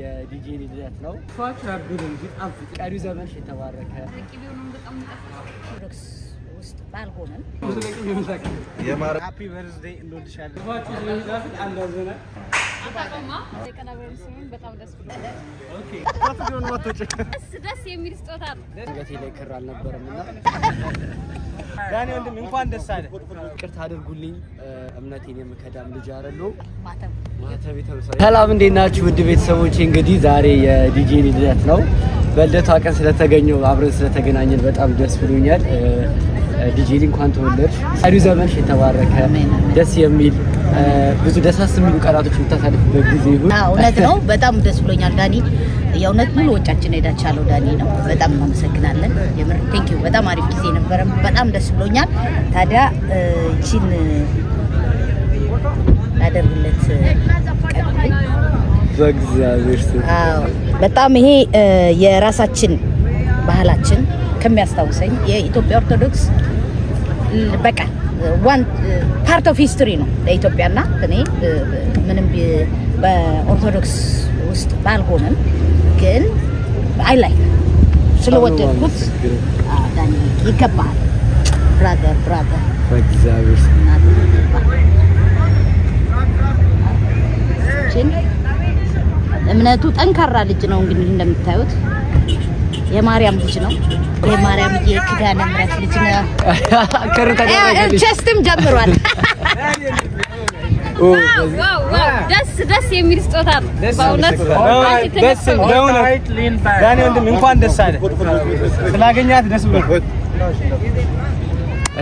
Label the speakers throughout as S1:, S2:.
S1: የዲጄ ልደት ነው።
S2: ፏች ረብል እንጂ ጣፍጥ
S1: ቀሪው ዘመንሽ የተባረከ
S3: ውስጥ ባልሆነም
S2: ሃፒ በርዝዴይ እንወድሻለን።
S3: ደስ የሚል ስጦታ ነው።
S1: ገቴ ላይ ክር አልነበረም እና
S2: ዳኒ ወንድም እንኳን ደስ አለ።
S1: ይቅርታ አድርጉልኝ፣ እምነቴን የምከዳም ልጅ ሰላም እንዴት ናችሁ ውድ እንግዲህ ዛሬ የዲጄ ልደት ነው። በልደቷ ቀን ስለተገኘው አብረን ስለተገናኘን በጣም ደስ ብሎኛል። ዲጄ እንኳን ተወለድሽ፣ ዘመንሽ የተባረከ ደስ የሚል ብዙ ደሳስ የሚሉ ቃላቶች የምታሳልፍበት ጊዜ ይሁን።
S3: እውነት ነው። በጣም ደስ ብሎኛል ዳኒ። የእውነት ሙሉ ወጫችን ሄዳችኋለሁ ዳኒ ነው። በጣም እናመሰግናለን። የምር ቴንክ በጣም አሪፍ ጊዜ ነበረ። በጣም ደስ ብሎኛል። ታዲያ እቺን ላደርግለት
S1: በእግዚአብሔር
S3: በጣም ይሄ የራሳችን ባህላችን ከሚያስታውሰኝ የኢትዮጵያ ኦርቶዶክስ በቃ ፓርት ኦፍ ሂስትሪ ነው ለኢትዮጵያና እኔ uh, uh, ምንም uh, በኦርቶዶክስ ውስጥ ባልሆንም ግን አይ ላይ ስለወደድኩት ይገባል። ብራዘር ብራዘር እምነቱ ጠንካራ ልጅ ነው እንግዲህ እንደምታዩት የማርያም ልጅ ነው። የማርያም የኪዳነ ምሕረት ልጅ ነው።
S1: ክር ተደረገልኝ።
S3: ቸስትም ጀምሯል። ደስ ደስ የሚል ስጦታ ነው ደስ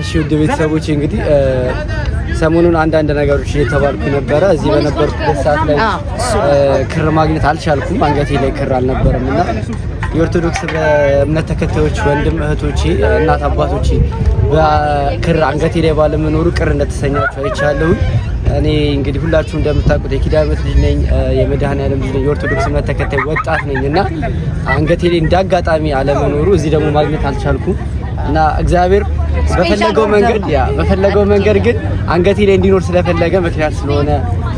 S1: እሺ ውድ ቤተሰቦች እንግዲህ ሰሞኑን አንዳንድ ነገሮች እየተባልኩ ነበረ። እዚህ በነበርኩበት ሰዓት ላይ ክር ማግኘት አልቻልኩም። አንገቴ ላይ ክር አልነበረም እና የኦርቶዶክስ እምነት ተከታዮች ወንድም እህቶቼ፣ እናት አባቶቼ በክር አንገቴ ላይ ባለመኖሩ ቅር እንደተሰኛቸው አይቻለሁ። እኔ እንግዲህ ሁላችሁ እንደምታውቁት የኪዳነ ምሕረት ልጅ ነኝ፣ የመድኃኔዓለም ልጅ ነኝ፣ የኦርቶዶክስ እምነት ተከታይ ወጣት ነኝ እና አንገቴ ላይ እንዳጋጣሚ አለመኖሩ እዚህ ደግሞ ማግኘት አልቻልኩም እና እግዚአብሔር በፈለገው መንገድ ያ በፈለገው መንገድ ግን አንገቴ ላይ እንዲኖር ስለፈለገ ምክንያት ስለሆነ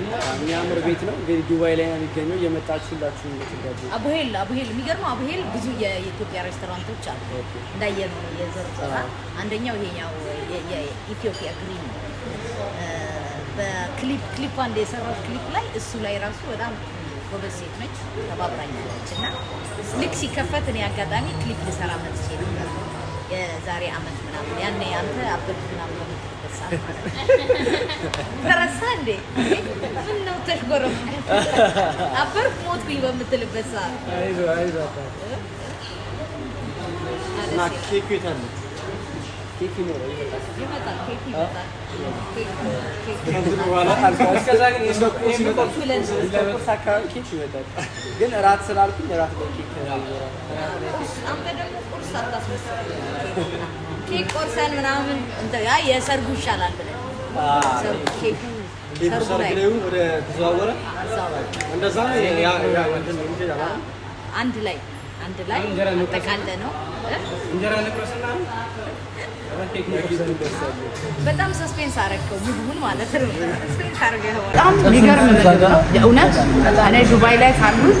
S1: የሚያምር ቤት ነው። እንግዲህ ዱባይ ላይ ነው የሚገኘው። የመጣችሁ ሁላችሁ ትጋቡ።
S3: አቡሄል አቡሄል የሚገርመው አቡሄል ብዙ የኢትዮጵያ ሬስቶራንቶች አሉ። እንዳየ ነው የዘርዘራ አንደኛው ይሄኛው የኢትዮጵያ ግሪን በክሊፕ ክሊፕ አንድ የሰራው ክሊፕ ላይ እሱ ላይ ራሱ በጣም ጎበዝ ሴት ነች፣ ተባብራኛለች እና ልክ ሲከፈት እኔ አጋጣሚ ክሊፕ ልሰራ መጥቼ ነበር የዛሬ አመት ምናምን ያኔ አንተ አበት ምናምን ተረሳ ተረሳ እንዴ? ምን ነው ተሽጎረም አበርክ ሞትኩኝ በምትልበት ሰዓት
S2: ግን እራት ስላልኩኝ እራት ላይ ኬክ
S3: አንተ ደግሞ ቁርስ አታስመስልም ኬክ ቆርሰን ምናምን ያ የሰርጉ ይሻላል ብለን አንድ ላይ አንድ ላይ አጠቃለ ነው። በጣም ሰስፔንስ አደረገው ምግቡን ማለት ነው። በጣም የሚገርም የእውነት እኔ ዱባይ ላይ ካሉት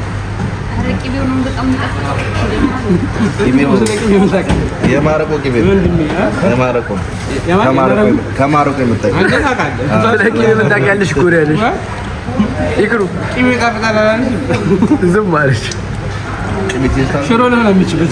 S3: Rakibi onun
S2: da
S4: የማረቆ የማረቆ ከማረቆ የመጣ
S2: ታውቂ ያለሽ እኮ ነው ያለሽ። ይቅሩ ዝም አለች። ሽሮ ሊሆን የሚችበት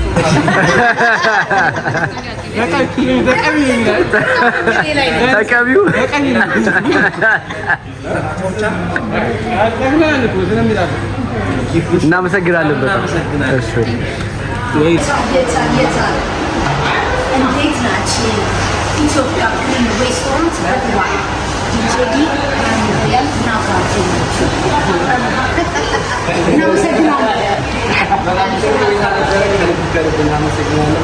S2: ተቀቢው እናመሰግናለን።
S3: እንዴት ናችሁ? ኢትዮጵያ ክልል ሬስቶራንት Gracias. tengamos